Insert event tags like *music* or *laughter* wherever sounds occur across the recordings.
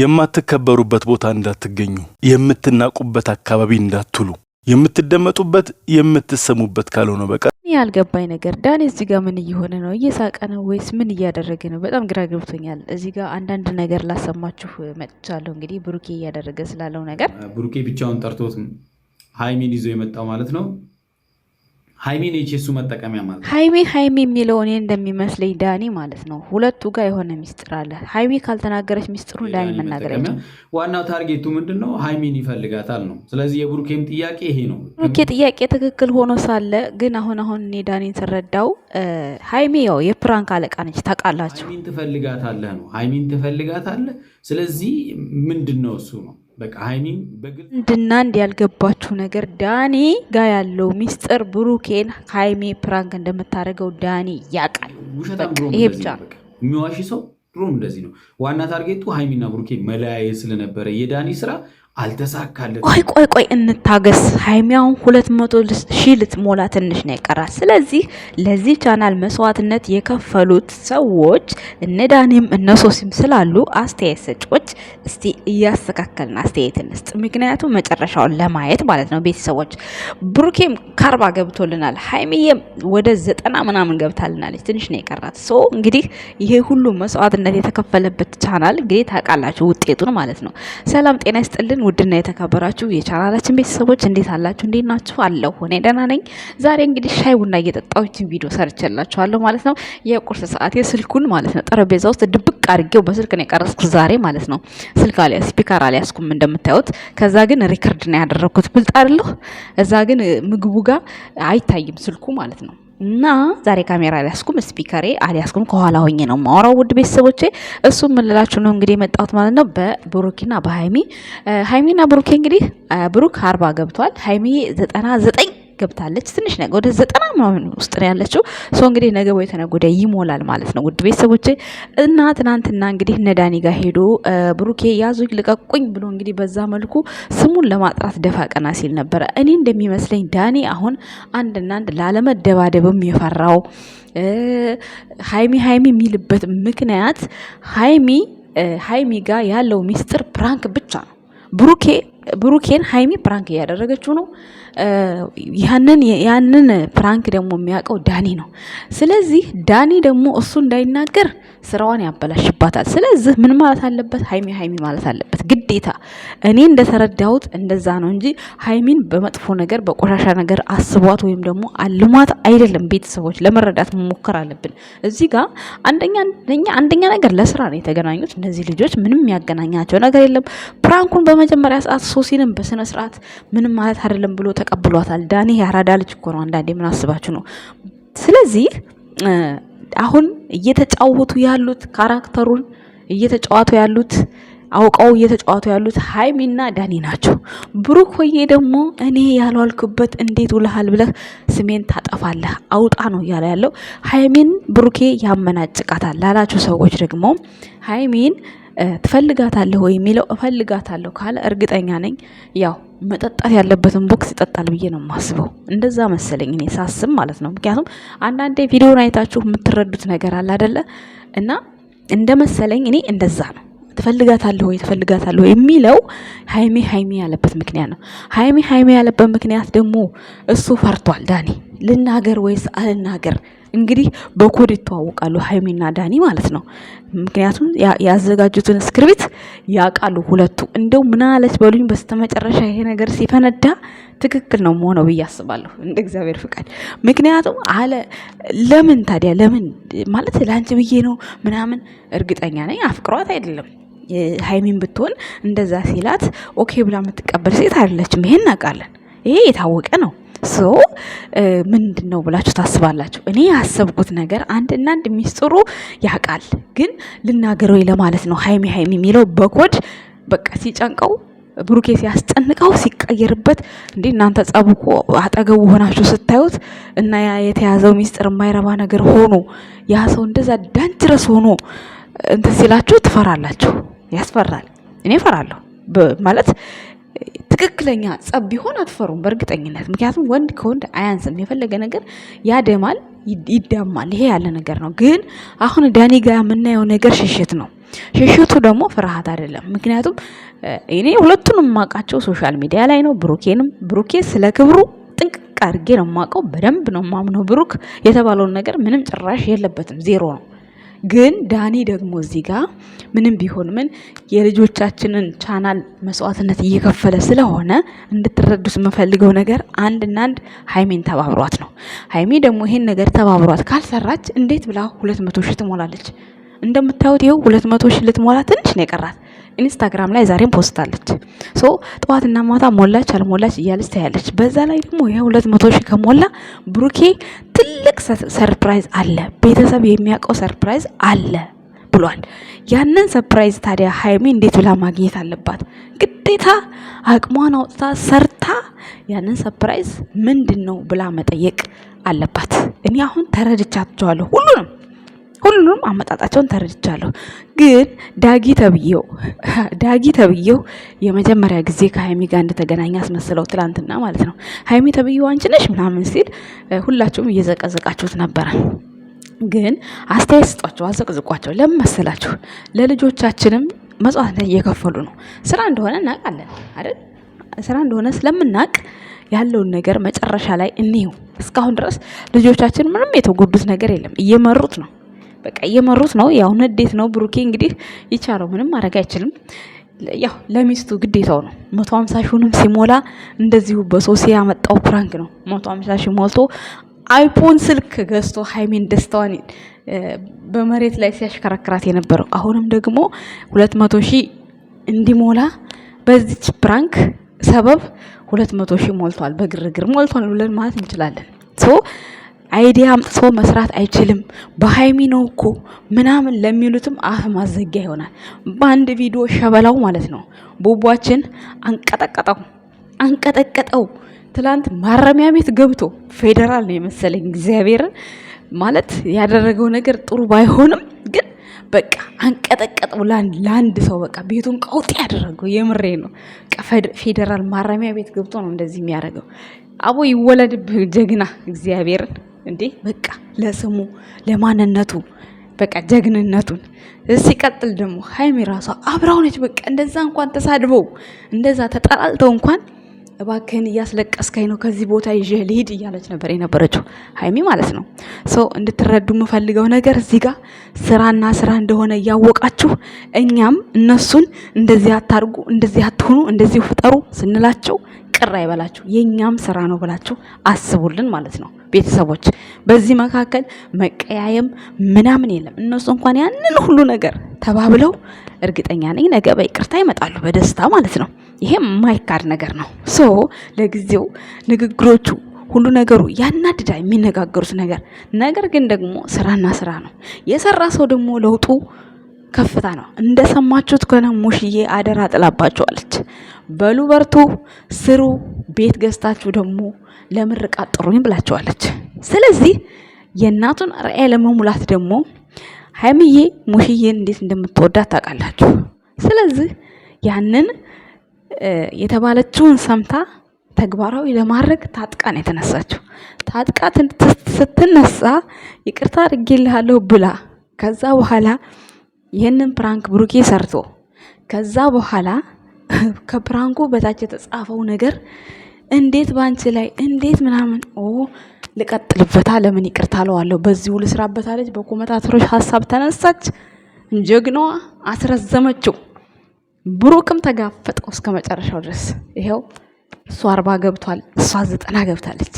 የማትከበሩበት ቦታ እንዳትገኙ፣ የምትናቁበት አካባቢ እንዳትሉ፣ የምትደመጡበት የምትሰሙበት ካልሆነ በቀር ያልገባኝ ነገር ዳኒ እዚህ ጋር ምን እየሆነ ነው? እየሳቀ ነው ወይስ ምን እያደረገ ነው? በጣም ግራ ገብቶኛል። እዚህ ጋር አንዳንድ ነገር ላሰማችሁ መጥቻለሁ። እንግዲህ ብሩኬ እያደረገ ስላለው ነገር ብሩኬ ብቻውን ጠርቶት ሀይሚን ይዞ የመጣው ማለት ነው ሀይሜ ነች የሱ መጠቀሚያ ማለት ሀይሚ ሀይሚ የሚለው እኔ እንደሚመስለኝ ዳኒ ማለት ነው። ሁለቱ ጋር የሆነ ሚስጥር አለ። ሀይሚ ካልተናገረች ሚስጥሩን ዳኒ መናገር ዋናው ታርጌቱ ምንድን ነው? ሀይሚን ይፈልጋታል ነው። ስለዚህ የብሩኬም ጥያቄ ይሄ ነው። ብሩኬ ጥያቄ ትክክል ሆኖ ሳለ ግን አሁን አሁን እኔ ዳኒን ስረዳው ሀይሚ ያው የፕራንክ አለቃ ነች ታውቃላችሁ። ሀይሜን ትፈልጋታለህ ነው። ሀይሚን ትፈልጋታለህ። ስለዚህ ምንድን ነው እሱ ነው አንድና እንዲ ያልገባችሁ ነገር ዳኒ ጋ ያለው ሚስጥር ብሩኬን ሀይሜ ፕራንክ እንደምታደርገው ዳኒ ያውቃል። ይሄ ብቻ የሚዋሽ ሰው ድሮም እንደዚህ ነው። ዋና ታርጌቱ ሀይሚና ብሩኬ መለያየት ስለነበረ የዳኒ ስራ አልተሳካለት። ቆይ ቆይ ቆይ እንታገስ። ሀይሚያውን ሁለት መቶ ሺህ ልትሞላ ትንሽ ነው የቀራት። ስለዚህ ለዚህ ቻናል መስዋዕትነት የከፈሉት ሰዎች እነ ዳኒም እነ ሶሲም ስላሉ አስተያየት ሰጪዎች እስቲ እያስተካከልን አስተያየት እንስጥ። ምክንያቱም መጨረሻውን ለማየት ማለት ነው። ቤተሰቦች ብሩኬም ከአርባ ገብቶልናል። ሀይሚዬም ወደ ዘጠና ምናምን ገብታልናለች። ትንሽ ነው የቀራት። ሶ እንግዲህ ይሄ ሁሉ መስዋዕትነት የተከፈለበት ቻናል እንግዲህ ታውቃላችሁ ውጤቱን ማለት ነው። ሰላም ጤና ይስጥልን ውድና የተከበራችሁ የቻናላችን ቤተሰቦች እንዴት አላችሁ? እንዴት ናችሁ? አለሁ እኔ ደህና ነኝ። ዛሬ እንግዲህ ሻይ ቡና እየጠጣሁ ቪዲዮ ሰርቼላችኋለሁ ማለት ነው። የቁርስ ሰዓት የስልኩን ማለት ነው ጠረጴዛ ውስጥ ድብቅ አድርጌው በስልክ ነው የቀረጽኩት ዛሬ ማለት ነው። ስልክ አለ ስፒከር አልያዝኩም እንደምታዩት። ከዛ ግን ሪከርድ ነው ያደረግኩት ብልጥ አይደለሁ። እዛ ግን ምግቡ ጋር አይታይም ስልኩ ማለት ነው። እና ዛሬ ካሜራ አልያዝኩም፣ ስፒከሬ አልያዝኩም፣ ከኋላ ሆኜ ነው ማወራው። ውድ ቤተሰቦቼ እሱም ምልላችሁ ነው እንግዲህ የመጣሁት ማለት ነው በብሩክና በሀይሚ ሀይሚና ብሩኬ እንግዲህ ብሩክ አርባ ገብቷል፣ ሀይሚ ዘጠና ዘጠኝ ገብታለች። ትንሽ ነገ ወደ ዘጠና ምናምን ውስጥ ነው ያለችው። ሶ እንግዲህ ነገ ወይ ተነጎዳ ይሞላል ማለት ነው። ውድ ቤተሰቦቼ እና ትናንትና እንግዲህ እነ ዳኒ ጋር ሄዶ ብሩኬ ያዙኝ ልቀቁኝ ብሎ እንግዲህ በዛ መልኩ ስሙን ለማጥራት ደፋ ቀና ሲል ነበረ። እኔ እንደሚመስለኝ ዳኒ አሁን አንድና አንድ ላለመደባደብም የፈራው ሀይሚ ሀይሚ የሚልበት ምክንያት ሀይሚ ሀይሚ ጋር ያለው ሚስጥር ፕራንክ ብቻ ነው። ብሩኬ ብሩኬን ሀይሚ ፕራንክ እያደረገችው ነው። ያንን ያንን ፕራንክ ደግሞ የሚያውቀው ዳኒ ነው። ስለዚህ ዳኒ ደግሞ እሱ እንዳይናገር ስራዋን ያበላሽባታል። ስለዚህ ምን ማለት አለበት? ሀይሚ ሀይሚ ማለት አለበት ግዴታ። እኔ እንደተረዳሁት እንደዛ ነው እንጂ ሀይሚን በመጥፎ ነገር በቆሻሻ ነገር አስቧት ወይም ደግሞ አልሟት አይደለም። ቤተሰቦች ለመረዳት መሞከር አለብን። እዚህ ጋር አንደኛ አንደኛ ነገር ለስራ ነው የተገናኙት እነዚህ ልጆች። ምንም የሚያገናኛቸው ነገር የለም። ፕራንኩን በመጀመሪያ ሰዓት ሶሲንም በስነስርዓት ምንም ማለት አይደለም ብሎ ተቀብሏታል። ዳኒ ያራዳ ልጅ እኮ ነው። አንዳንዴ ምን አስባችሁ ነው? ስለዚህ አሁን እየተጫወቱ ያሉት ካራክተሩን እየተጫወቱ ያሉት አውቀው እየተጫወቱ ያሉት ሀይሚና ዳኒ ናቸው። ብሩክ ሆዬ ደግሞ እኔ ያልዋልኩበት እንዴት ውልሃል ብለህ ስሜን ታጠፋለህ አውጣ ነው እያለ ያለው። ሀይሚን ብሩኬ ያመናጭቃታል ላላችሁ ሰዎች ደግሞ ሀይሚን ትፈልጋታለህ ወይ የሚለው እፈልጋታለሁ ካለ እርግጠኛ ነኝ ያው መጠጣት ያለበትን ቦክስ ይጠጣል ብዬ ነው የማስበው። እንደዛ መሰለኝ እኔ ሳስብ ማለት ነው። ምክንያቱም አንዳንዴ ቪዲዮን አይታችሁ የምትረዱት ነገር አለ አደለ? እና እንደ መሰለኝ እኔ እንደዛ ነው። ትፈልጋታለሁ ወይ ትፈልጋታለሁ ወይ የሚለው ሀይሜ ሀይሜ ያለበት ምክንያት ነው። ሀይሜ ሀይሜ ያለበት ምክንያት ደግሞ እሱ ፈርቷል። ዳኒ ልናገር ወይስ አልናገር እንግዲህ በኮድ ይተዋወቃሉ ሀይሚና ዳኒ ማለት ነው። ምክንያቱም ያዘጋጁትን እስክርቢት ያውቃሉ ሁለቱ። እንደው አለች በሉኝ በስተመጨረሻ ይሄ ነገር ሲፈነዳ ትክክል ነው መሆነው ብዬ አስባለሁ፣ እንደ እግዚአብሔር ፍቃድ። ምክንያቱም አለ ለምን ታዲያ ለምን ማለት ለአንቺ ብዬ ነው ምናምን። እርግጠኛ ነኝ አፍቅሯት አይደለም ሀይሚን ብትሆን እንደዛ ሲላት ኦኬ ብላ የምትቀበል ሴት አይደለችም። ይሄን እናውቃለን። ይሄ የታወቀ ነው። ሶ ምንድን ነው ብላችሁ ታስባላችሁ? እኔ ያሰብኩት ነገር እና አንድ ሚስጥሩ ያውቃል፣ ግን ልናገረው ለማለት ነው። ሀይሚ ሀይሚ የሚለው በኮድ በቃ ሲጨንቀው ብሩኬ ሲያስጠንቀው ሲቀየርበት፣ እንዴ እናንተ ጸብቆ አጠገቡ ሆናችሁ ስታዩት እና ያ የተያዘው ሚስጥር የማይረባ ነገር ሆኖ ያ ሰው እንደዛ ዳንጅረስ ሆኖ እንትን ሲላችሁ ትፈራላችሁ። ያስፈራል። እኔ እፈራለሁ ማለት ትክክለኛ ጸብ ቢሆን አትፈሩም በእርግጠኝነት። ምክንያቱም ወንድ ከወንድ አያንስም፣ የፈለገ ነገር ያደማል፣ ይዳማል። ይሄ ያለ ነገር ነው። ግን አሁን ዳኒ ጋር የምናየው ነገር ሽሽት ነው። ሽሽቱ ደግሞ ፍርሃት አይደለም። ምክንያቱም እኔ ሁለቱንም የማውቃቸው ሶሻል ሚዲያ ላይ ነው። ብሩኬንም ብሩኬ ስለ ክብሩ ጥንቅቅ አድርጌ ነው የማውቀው፣ በደንብ ነው ማምነው ብሩክ የተባለውን ነገር ምንም ጭራሽ የለበትም፣ ዜሮ ነው። ግን ዳኒ ደግሞ እዚህ ጋር ምንም ቢሆን ምን የልጆቻችንን ቻናል መስዋዕትነት እየከፈለ ስለሆነ እንድትረዱት የምፈልገው ነገር አንድና አንድ ሀይሜን ተባብሯት ነው። ሀይሜ ደግሞ ይሄን ነገር ተባብሯት ካልሰራች እንዴት ብላ ሁለት መቶ ሺ ትሞላለች? እንደምታዩት ይኸው ሁለት መቶ ሺ ልትሞላ ትንሽ ነው የቀራት። ኢንስታግራም ላይ ዛሬም ፖስታለች። ሶ ጠዋትና ማታ ሞላች አልሞላች እያለች ታያለች። በዛ ላይ ደግሞ ሁለት መቶ ሺህ ከሞላ ብሩኬ ትልቅ ሰርፕራይዝ አለ፣ ቤተሰብ የሚያውቀው ሰርፕራይዝ አለ ብሏል። ያንን ሰርፕራይዝ ታዲያ ሀይሚ እንዴት ብላ ማግኘት አለባት? ግዴታ አቅሟን አውጥታ ሰርታ ያንን ሰርፕራይዝ ምንድን ነው ብላ መጠየቅ አለባት። እኔ አሁን ተረድቻቸዋለሁ ሁሉንም ሁሉም አመጣጣቸውን ተረድቻለሁ። ግን ዳጊ ተብዬው ዳጊ ተብዬው የመጀመሪያ ጊዜ ከሀይሚ ጋር እንደተገናኘ አስመስለው ትላንትና ማለት ነው ሀይሚ ተብዬው አንቺ ነሽ ምናምን ሲል ሁላችሁም እየዘቀዘቃችሁት ነበረ። ግን አስተያየት ስጧቸው፣ አዘቅዝቋቸው። ለምን መሰላችሁ? ለልጆቻችንም መስዋዕትነት እየከፈሉ ነው። ስራ እንደሆነ እናውቃለን አይደል? ስራ እንደሆነ ስለምናቅ ያለውን ነገር መጨረሻ ላይ እኒው እስካሁን ድረስ ልጆቻችን ምንም የተጎዱት ነገር የለም፣ እየመሩት ነው። በቃ እየመሩት ነው። ያው ንዴት ነው። ብሩኬ እንግዲህ ይቻለው ምንም ማድረግ አይችልም። ያው ለሚስቱ ግዴታው ነው። መቶ ሀምሳ ሺሁንም ሲሞላ እንደዚሁ በሶሲ ያመጣው ፕራንክ ነው። መቶ ሀምሳ ሺ ሞልቶ አይፎን ስልክ ገዝቶ ሀይሜን ደስታዋን በመሬት ላይ ሲያሽከረክራት የነበረው አሁንም ደግሞ ሁለት መቶ ሺህ እንዲሞላ በዚች ፕራንክ ሰበብ ሁለት መቶ ሺህ ሞልቷል። በግርግር ሞልቷል ብለን ማለት እንችላለን። አይዲያ አምጥቶ መስራት አይችልም፣ በሀይሚ ነው እኮ ምናምን ለሚሉትም አፍ ማዘጊያ ይሆናል። በአንድ ቪዲዮ ሸበላው ማለት ነው ቡቧችን አንቀጠቀጠው አንቀጠቀጠው። ትላንት ማረሚያ ቤት ገብቶ ፌዴራል ነው የመሰለኝ እግዚአብሔር ማለት ያደረገው ነገር ጥሩ ባይሆንም ግን በቃ አንቀጠቀጠው። ለአንድ ሰው በቃ ቤቱን ቀውጥ ያደረገው የምሬ ነው። ፌዴራል ማረሚያ ቤት ገብቶ ነው እንደዚህ የሚያደርገው። አቦ ይወለድብህ ጀግና እግዚአብሔርን እንዴ በቃ ለስሙ ለማንነቱ በቃ ጀግንነቱን። ሲቀጥል ደግሞ ሀይሚ ራሷ አብራው ነች። በቃ እንደዛ እንኳን ተሳድበው እንደዛ ተጠላልተው እንኳን እባክህን እያስለቀስካኝ ነው ከዚህ ቦታ ይዤ ልሂድ እያለች ነበር የነበረችው ሀይሚ ማለት ነው። ሰው እንድትረዱ የምፈልገው ነገር እዚህ ጋር ስራና ስራ እንደሆነ እያወቃችሁ እኛም እነሱን እንደዚህ አታርጉ፣ እንደዚህ አትሁኑ፣ እንደዚህ ፍጠሩ ስንላቸው ቅር አይበላችሁ፣ የእኛም ስራ ነው ብላችሁ አስቡልን ማለት ነው ቤተሰቦች። በዚህ መካከል መቀያየም ምናምን የለም። እነሱ እንኳን ያንን ሁሉ ነገር ተባብለው እርግጠኛ ነኝ ነገ በይቅርታ ይመጣሉ በደስታ ማለት ነው። ይሄ የማይካድ ነገር ነው። ሶ ለጊዜው ንግግሮቹ ሁሉ ነገሩ ያናድዳ የሚነጋገሩት ነገር ነገር ግን ደግሞ ስራና ስራ ነው። የሰራ ሰው ደግሞ ለውጡ ከፍታ ነው። እንደሰማችሁት ከሆነ ሙሽዬ አደራ ጥላባቸዋለች። በሉ በርቱ፣ ስሩ፣ ቤት ገዝታችሁ ደግሞ ለምርቃት ጥሩኝ ብላቸዋለች። ስለዚህ የእናቱን ራዕይ ለመሙላት ደግሞ ሀይምዬ ሙሽዬን እንዴት እንደምትወዳት ታውቃላችሁ። ስለዚህ ያንን የተባለችውን ሰምታ ተግባራዊ ለማድረግ ታጥቃ ነው የተነሳችው። ታጥቃ ስትነሳ ይቅርታ አድርጌልሃለሁ ብላ ከዛ በኋላ ይህንን ፕራንክ ብሩኬ ሰርቶ ከዛ በኋላ *laughs* ከፕራንኩ በታች የተጻፈው ነገር እንዴት ባንቺ ላይ እንዴት ምናምን ኦ ልቀጥልበታ ለምን ይቅርታ አለዋለሁ በዚሁ ልስራበታለች። በኮመንታተሮች ሀሳብ ተነሳች፣ ጀግናዋ አስረዘመችው። ብሩክም ተጋፈጠው እስከ መጨረሻው ድረስ ይኸው እሷ አርባ ገብቷል፣ እሷ ዘጠና ገብታለች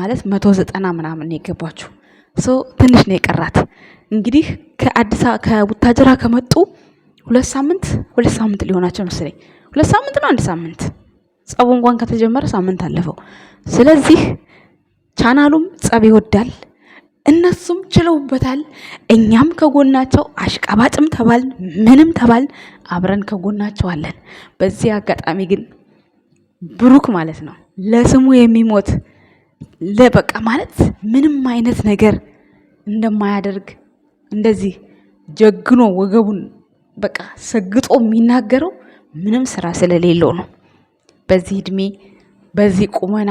ማለት መቶ ዘጠና ምናምን የገባችው ሶ ትንሽ ነው የቀራት። እንግዲህ ከአዲስ ከቡታጅራ ከመጡ ሁለት ሳምንት ሁለት ሳምንት ሊሆናቸው መሰለኝ። ሁለት ሳምንት ነው አንድ ሳምንት ጸቡ እንኳን ከተጀመረ ሳምንት አለፈው። ስለዚህ ቻናሉም ጸብ ይወዳል፣ እነሱም ችለውበታል። እኛም ከጎናቸው አሽቀባጭም ተባልን ምንም ተባል አብረን ከጎናቸው አለን። በዚህ አጋጣሚ ግን ብሩክ ማለት ነው ለስሙ የሚሞት ለበቃ ማለት ምንም አይነት ነገር እንደማያደርግ እንደዚህ ጀግኖ ወገቡን በቃ ሰግጦ የሚናገረው ምንም ስራ ስለሌለው ነው። በዚህ እድሜ በዚህ ቁመና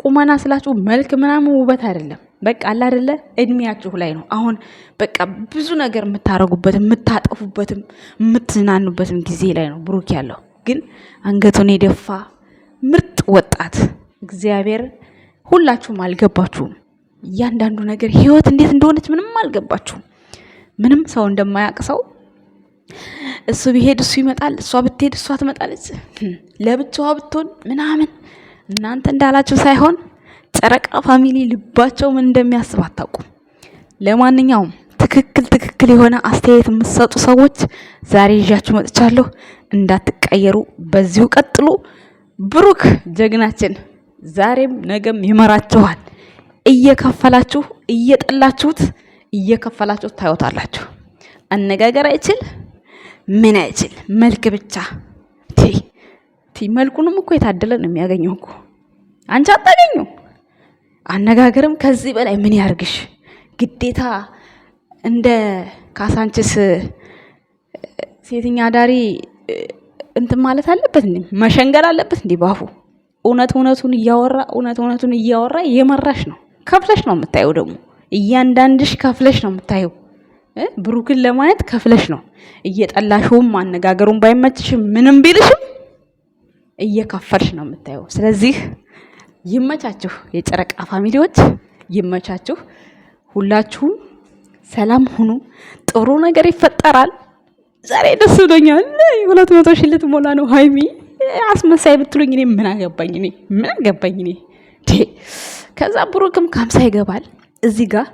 ቁመና ስላችሁ መልክ ምናምን ውበት አይደለም። በቃ አለ አይደለ እድሜያችሁ ላይ ነው። አሁን በቃ ብዙ ነገር የምታረጉበትም የምታጠፉበትም የምትዝናኑበትም ጊዜ ላይ ነው ብሩክ ያለው። ግን አንገቱን የደፋ ምርጥ ወጣት እግዚአብሔር ሁላችሁም አልገባችሁም። እያንዳንዱ ነገር ህይወት እንዴት እንደሆነች ምንም አልገባችሁም። ምንም ሰው እንደማያውቅ ሰው እሱ ቢሄድ እሱ ይመጣል፣ እሷ ብትሄድ እሷ ትመጣለች፣ ለብቻዋ ብትሆን ምናምን እናንተ እንዳላችሁ ሳይሆን ጨረቃ ፋሚሊ ልባቸው ምን እንደሚያስብ አታውቁም። ለማንኛውም ትክክል ትክክል የሆነ አስተያየት የምትሰጡ ሰዎች ዛሬ ይዣችሁ መጥቻለሁ። እንዳትቀየሩ፣ በዚሁ ቀጥሉ። ብሩክ ጀግናችን ዛሬም ነገም ይመራችኋል። እየከፈላችሁ እየጠላችሁት እየከፈላችሁት ታዩታላችሁ። አነጋገር አይችል ምን አይችል መልክ ብቻ ቲ መልኩንም እኮ የታደለ ነው የሚያገኘው እኮ አንቺ አታገኙ። አነጋገርም ከዚህ በላይ ምን ያርግሽ? ግዴታ እንደ ካሳንችስ ሴትኛ አዳሪ እንትን ማለት አለበት እንዴ? መሸንገል አለበት እንዴ? ባፉ እውነት እውነቱን እያወራ እውነት እውነቱን እያወራ እየመራሽ ነው። ከፍለሽ ነው የምታየው። ደግሞ እያንዳንድሽ ከፍለሽ ነው የምታየው። ብሩክን ለማየት ከፍለሽ ነው እየጠላሽውም፣ አነጋገሩን ባይመችሽም ምንም ቢልሽም እየከፈልሽ ነው የምታየው። ስለዚህ ይመቻችሁ፣ የጨረቃ ፋሚሊዎች ይመቻችሁ። ሁላችሁም ሰላም ሁኑ። ጥሩ ነገር ይፈጠራል። ዛሬ ደስ ብሎኛል። ሁለት መቶ ሺህ ልትሞላ ነው ሀይሚ አስመሳይ ብትሉኝ እኔ ምን አገባኝ? እኔ ምን አገባኝ? እኔ ከዛ ብሩክም ካምሳ ይገባል። እዚህ ጋር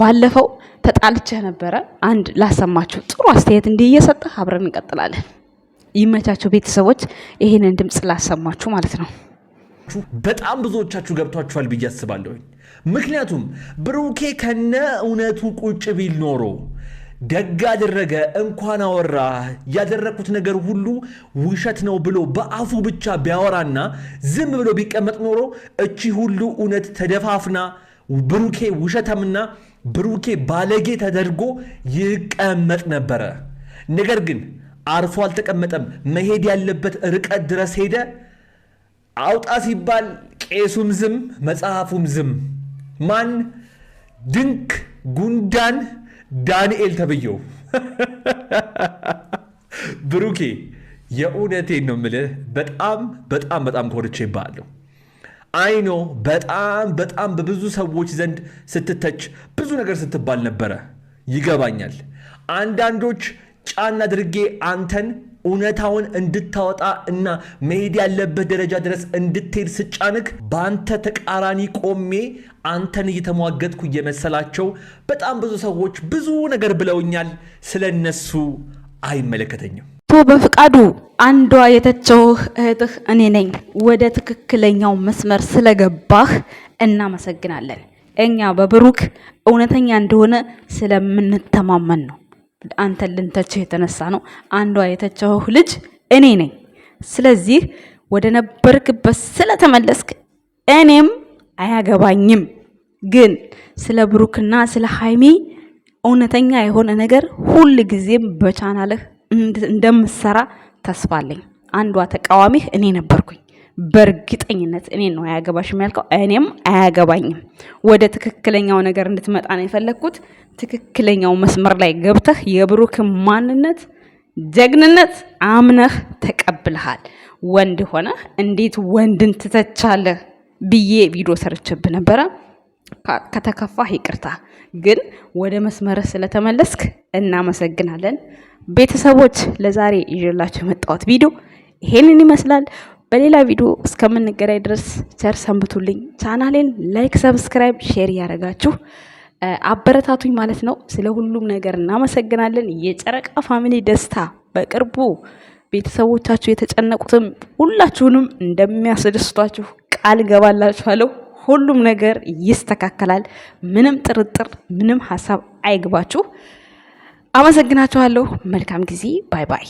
ባለፈው ተጣልቼ ነበረ። አንድ ላሰማችሁ ጥሩ አስተያየት እንዲህ እየሰጠ አብረን እንቀጥላለን። ይመቻቸው ቤተሰቦች፣ ይሄንን ድምፅ ላሰማችሁ ማለት ነው። በጣም ብዙዎቻችሁ ገብቷችኋል ብዬ አስባለሁኝ። ምክንያቱም ብሩኬ ከነ እውነቱ ቁጭ ቢል ኖሮ ደግ አደረገ እንኳን አወራ ያደረግኩት ነገር ሁሉ ውሸት ነው ብሎ በአፉ ብቻ ቢያወራና ዝም ብሎ ቢቀመጥ ኖሮ እቺ ሁሉ እውነት ተደፋፍና ብሩኬ ውሸታምና ብሩኬ ባለጌ ተደርጎ ይቀመጥ ነበረ። ነገር ግን አርፎ አልተቀመጠም። መሄድ ያለበት ርቀት ድረስ ሄደ። አውጣ ሲባል ቄሱም ዝም፣ መጽሐፉም ዝም። ማን ድንክ ጉንዳን ዳንኤል ተብዬው ብሩኬ የእውነቴን ነው የምልህ። በጣም በጣም በጣም ኮርቼ ባለሁ አይኖ በጣም በጣም በብዙ ሰዎች ዘንድ ስትተች ብዙ ነገር ስትባል ነበረ። ይገባኛል። አንዳንዶች ጫና አድርጌ አንተን እውነታውን እንድታወጣ እና መሄድ ያለበት ደረጃ ድረስ እንድትሄድ ስጫንክ በአንተ ተቃራኒ ቆሜ አንተን እየተሟገጥኩ እየመሰላቸው በጣም ብዙ ሰዎች ብዙ ነገር ብለውኛል። ስለ እነሱ አይመለከተኝም። ቶ በፍቃዱ አንዷ የተቸውህ እህትህ እኔ ነኝ። ወደ ትክክለኛው መስመር ስለገባህ እናመሰግናለን። እኛ በብሩክ እውነተኛ እንደሆነ ስለምንተማመን ነው። አንተን ልንተችህ የተነሳ ነው። አንዷ የተቸኸው ልጅ እኔ ነኝ። ስለዚህ ወደ ነበርክበት ስለተመለስክ እኔም አያገባኝም። ግን ስለ ብሩክና ስለ ሀይሚ እውነተኛ የሆነ ነገር ሁል ጊዜም በቻናልህ እንደምሰራ ተስፋለኝ አንዷ ተቃዋሚህ እኔ ነበርኩኝ። በእርግጠኝነት እኔን ነው አያገባሽም ያልከው፣ እኔም አያገባኝም። ወደ ትክክለኛው ነገር እንድትመጣ ነው የፈለግኩት። ትክክለኛው መስመር ላይ ገብተህ የብሩክን ማንነት ጀግንነት አምነህ ተቀብልሃል። ወንድ ሆነ እንዴት ወንድን ትተቻለህ ብዬ ቪዲዮ ሰርችብህ ነበረ። ከተከፋህ ይቅርታ፣ ግን ወደ መስመር ስለተመለስክ እናመሰግናለን። ቤተሰቦች ለዛሬ ይላቸው የመጣሁት ቪዲዮ ይሄንን ይመስላል። በሌላ ቪዲዮ እስከምንገናኝ ድረስ ቸር ሰንብቱልኝ። ቻናሌን ላይክ፣ ሰብስክራይብ፣ ሼር እያደረጋችሁ አበረታቱኝ ማለት ነው። ስለ ሁሉም ነገር እናመሰግናለን። የጨረቃ ፋሚሊ ደስታ በቅርቡ ቤተሰቦቻችሁ የተጨነቁትም ሁላችሁንም እንደሚያስደስቷችሁ ቃል ገባላችኋለሁ። ሁሉም ነገር ይስተካከላል። ምንም ጥርጥር፣ ምንም ሀሳብ አይግባችሁ። አመሰግናችኋለሁ። መልካም ጊዜ። ባይ ባይ።